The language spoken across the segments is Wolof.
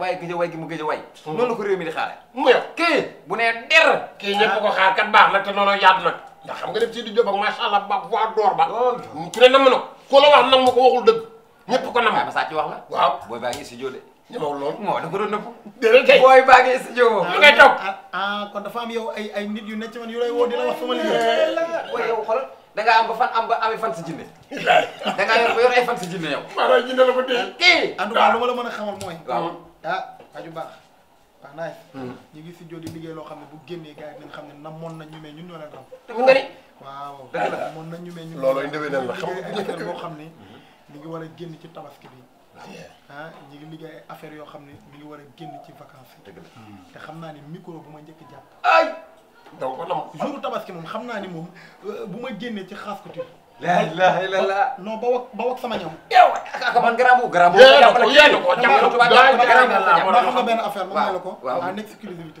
waaye gëj a way gi mu gëj a way hmm. noonu la ko réew mi di xaare mu kii bu nee der kii ñëpp ko xaar kat baax nag te noonu yaatu nag ndax xam nga def si di jóg ak allah ba waa door ba ku ne nam na ko la wax nam ma ko waxul dëgg ñëpp ko nam ma saa ci wax la waaw booy baa ngi studio de ñëwul loolu moo da ko doon nëpp déedéet kay booy baa ngi studio moom li ngay toog ah, ah, ah kon dafa am yow ay ay nit yu nekk ci man yu lay woo di la wax sama liggéey da am ba fan am ba amee fan si jinne da nga yor ba yor ay fan si jinne la ko dee. kii en la mën a xamal mooy. waaw ah aju baax. wax naa hmm. ñu ngi si jóg di liggéey loo xam ne bu génnee gars yi nañ xam ne namoon nañ ñu mais ñun ñoo leen xam. te mu ngari. waaw namoon nañ ñu mais ñun. looloo indéwénal la xam nga boo xam ne mi ngi war a génn ci tabaski bi. ah ñu ngi liggéey ay yoo xam ne mi ngi war a génn ci vacances hmm. te xam naa ni micro bu ma njëkk jàpp ay daw ko nam jour tabaski moom xam naa ni moom euh, bu ma génnee ci xaas ko tuuti. la ilaha illallah non ba wax ba wax sama ñoom. yow ak man garaamu xam nga benn affaire moom la ko. waaw en exclusivité.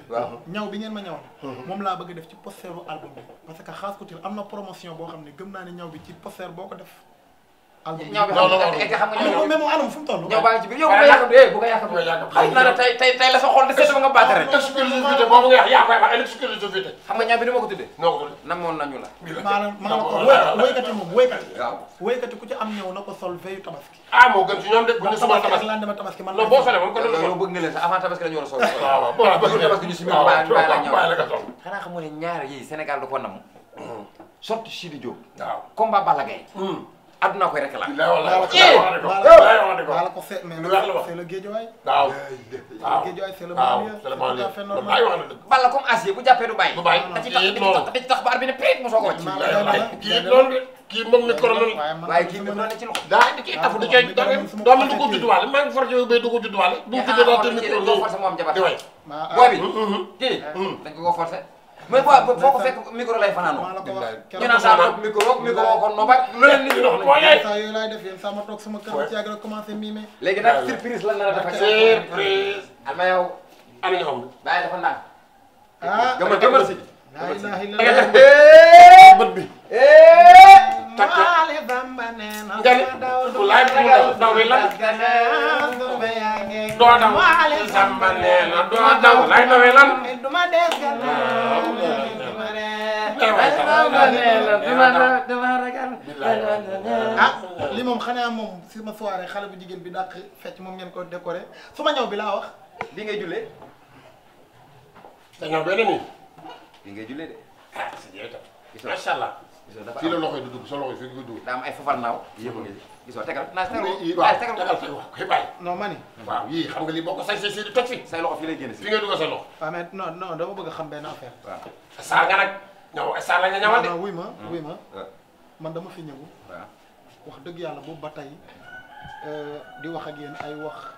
ñaw bi ngeen ma ñawal. moom laa bëgg def ci posteru album bi. parce que xaas ko am na promotion boo xam ne gën naa ne ñaw bi ci poster boo ko def. mais moom anam fu mu toll. yow baa ngi ci biir yow bu ko yàqam eh bu ko yàqam. xëy na tey tey tey la sa xol di seetlu ba nga bàtt rek. exclusivité boobu nga wax yaa koy wax exclusivité. xam nga ñaar bi ni ma ko tuddee. noo ko tuddee namoon nañu la. maanaam maanaam ko woykati moom woykati. waaw woykati ku ci am ñëw na ko sol veyu tabaski. ah moo gën ci ñoom de bu ñu sama tabaski lan dama tabaski man. non boo solee moom ko doon sol bëgg nga leen sax avant tabaski la ñu war a sol. waaw waaw waaw bëgg tabaski ñu si biir bàyyi la ñëw xanaa xam nga ne ñaar yi Sénégal du ko nam mm. sorti Sidi Diop waaw combat Balla Gaye mm. adduna koy rek la. waaw la ko eh! mais lu wax la wax c'est le géejuwaay. waaw waaw géejuwaay c'est le banlieue. balla comme acier bu jàppee du bàyyi. du bàyyi da ci tax ba arbi ne prit mu soog a wàcc. kii loolu kii moom mi korom la. waaye kii mi doon na ci loxo. daa indi kii tafu du cee doom du ko judduwaale maa ngi forcé bay du ko judduwaale. bu mu tuddee daal tamit loolu. booy bi kii mm-hmm. mm-hmm. dañ ko forcé mais waaw foo ko fekk micro lay fanaanoo. ñu naan saa micro micro kon non ba lu leen nit ñi dox nañu. saa yooyu laay def yéen sama toog sama kër ci yàgg rek commencé miime. léegi nag surprise la nar a defal. surprise. ama yow. am na ñoo bàyyi dafa naan. ah gëmal gëmal si. laa ilaaha illallaah bët bi. Eh. takk. Maale Bamba nee na. njëriñ. walaay bi mu daw daw bi lan. doo daw na doo daw lay dawee lan eh, duma dee ah, ah li moom xanaa moom si ma soirée xale bu jigéen bi dàq fecc moom ngeen ko décoré su ma ñëw bi laa wax li ngay jullee sa ñëw bee de ah, nii allah gisoo dafa fii la loxo yi du dugg sa loxo yi fii du dugg. daa ay fafar naaw. a ngi gisoo tegal naa tegal waaw tegal fii wax koy bàyyi. non mani waaw yii xam nga lii boo ko say say say toj fi. say loxo fii lay génn si. fii ngay dugg sa loxo. waaw mais non dama bëgg a xam benn affaire. waaw saar nga nag. saar la nga wuy ma wuy ma. man dama fi ñëw. waaw wax dëgg yàlla boobu ba tey euh, di wax ak yéen ay wax.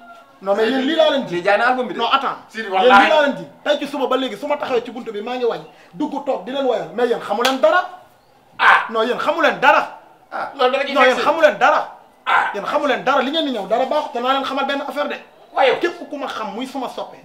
non mais yéen lii laa leen di jaay na album bi de non attends yéen lii laa ci suba ma taxawee ci buntu bi maa ngi wañ dugg toog di leen woyal mais yéen xamu leen dara ah non yéen xamu leen dara ah loolu dara non xamu leen dara ah yéen xamu leen dara li ngeen di ñëw dara baaxut te naa leen benn affaire de waaye képp ku ma xam muy suma soppe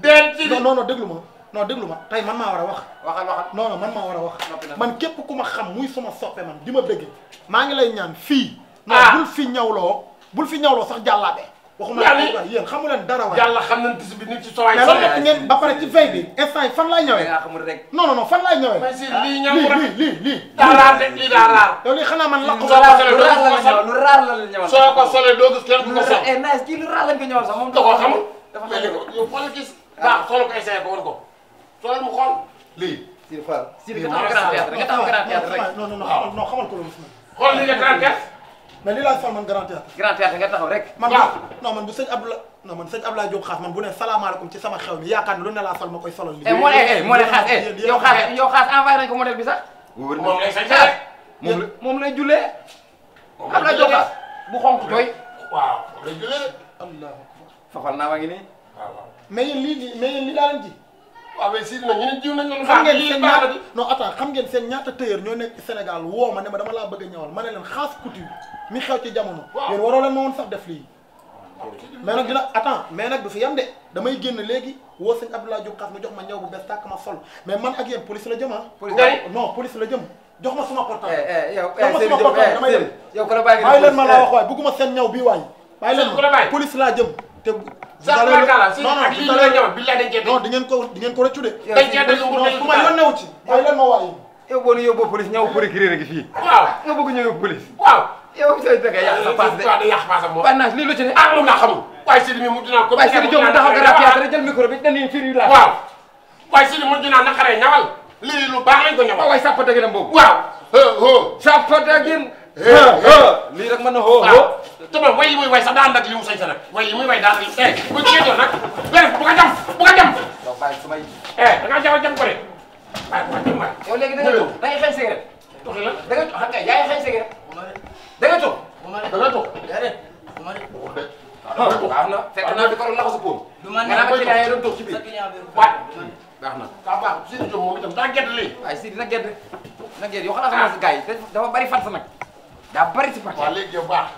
non non non déglu ma non déglu ma tey man maa war a wax waxal waxal non non man maa war a wax man képp ku ma xam muy suma soppe man di ma bëgg maa ngi lay ñaan fii non ah. bul fi loo bul fi ñawloo sax jàllaabe waxuma la yéen xamu leen dara waay yàlla xam nañ bis bi nit ci sowaay mais ngeen ba pare ci veille bi instant yi fan laay ñëwee yaa xamul rek non non non fan laay ñëwee lii ñam rek lii lii lii daa raar de lii daa raar yow lii xanaa man laqu lu raar la la ñëwal soo ko solee doo gis kenn ku ko sol eh nice kii lu raar lañ ko ñëwal sax moom da koo xamul dafa xam yow foo la gis baax solo ko essayé ko war ko solal mu xool lii sir fall sir nga taxaw grand théâtre nga taxaw grand théâtre rek non non non xamal ko lu xool li nga grand théâtre mais li laay sol man grand théâtre grand théâtre nga taxaw rek man non man bu sëñ Abdoulaye non man sëñ Abdoulaye Diop xaas man bu ne salaamaaleykum ci sama xew mi yaakaar ne lu ne laa sol ma koy solal li eh, moo ne eh, moo eh, ne ko modèle bi sax moom lay sañ ah, rek moom moom lay jullee Abdoulaye Diop xaas bu xonk jooy waaw lay jullee allah fafal naa maa ngi nii mais yéen lii mais yéen lii laa leen ji waaw mais si nag ñeneen jiw nañ leen xam ngeen seen ñaata non ñoo nekk Sénégal woo ma ne ma dama laa bëgg a ñëwal ma ne leen xaas couture mi xew ci jamono yéen waroo leen ma sax def lii mais nag dina attends mais nag du fi yam de damay génn léegi woo sëñ Abdoulaye Diop xaas mu jox ma ñëw bu bees tàkk ma sol mais man ak yéen police la jëm ah. la jox ma suma portable eh, eh, yow suma eh, portable damay dem yow leen ma laa wax waay bugguma seen ñëw bii waay bàyyi leen police laa jëm te. sax kàlla si ak lii la ñëw bi la dañ cee non di ngeen ko di ngeen ko rëccu de. dañ cee dañ ko dañ ko ma yoon newu ci. waaye lan ma waaye. yow boo ñu yóbboo police ñëw procureur a ngi fii. waaw nga bëgg ñu yóbbu police. waaw yow say fekkee yàq sa paas de. waaw day yàq paasam moom. bannage lii lu ci ne. ah loolu laa xamul. waaye Sidi mi mu dinaa ko. waaye Sidi Diop mu taxaw nga rafet rek jël micro bi dañuy firi laa. waaw waaye Sidi mu dinaa naqaree ñawal lii lu baax lañ ko ñawal. waaw waaye sàppate gi dem boobu. waaw. sapata gin lii rek mën na xoo xoo ah, tamit way yi muy way sax daan nag li mu sañ sa nag way yi muy way daan li eh bu jeetoon nag benn bu ko jam bu ko jam do bàyyi sumay eh da nga jam jam ko de bàyyi bu ko jam waay yow léegi da nga toog da ngay xeeñ sigaret toog la da nga toog xam ah, nga yaay xeeñ sigaret da nga toog da nga toog ah, baax na fekk naa di ko na ko sa poom du ma nekk ko yaay doon toog ci biir waay baax na ka baax Sidi Diop moom itam daa gedd lii waaye Sidi na gedd na gedd yow xanaa xanaa sa gars yi dafa bari fat sa nag daa bari si parti waaw léegi yow baax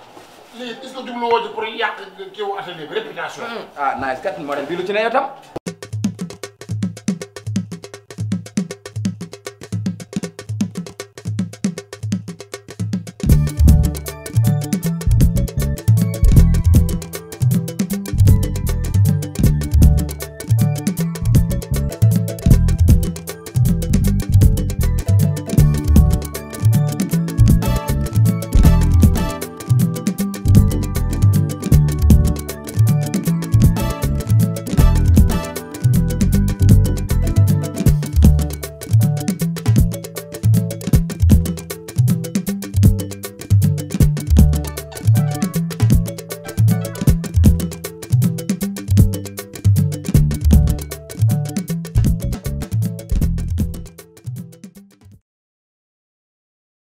lii est-ce que jubluwoo ci pour yàq kii wu atelier bi réputation hmm. ah naaj kat modèle bi lu ci ne yow tam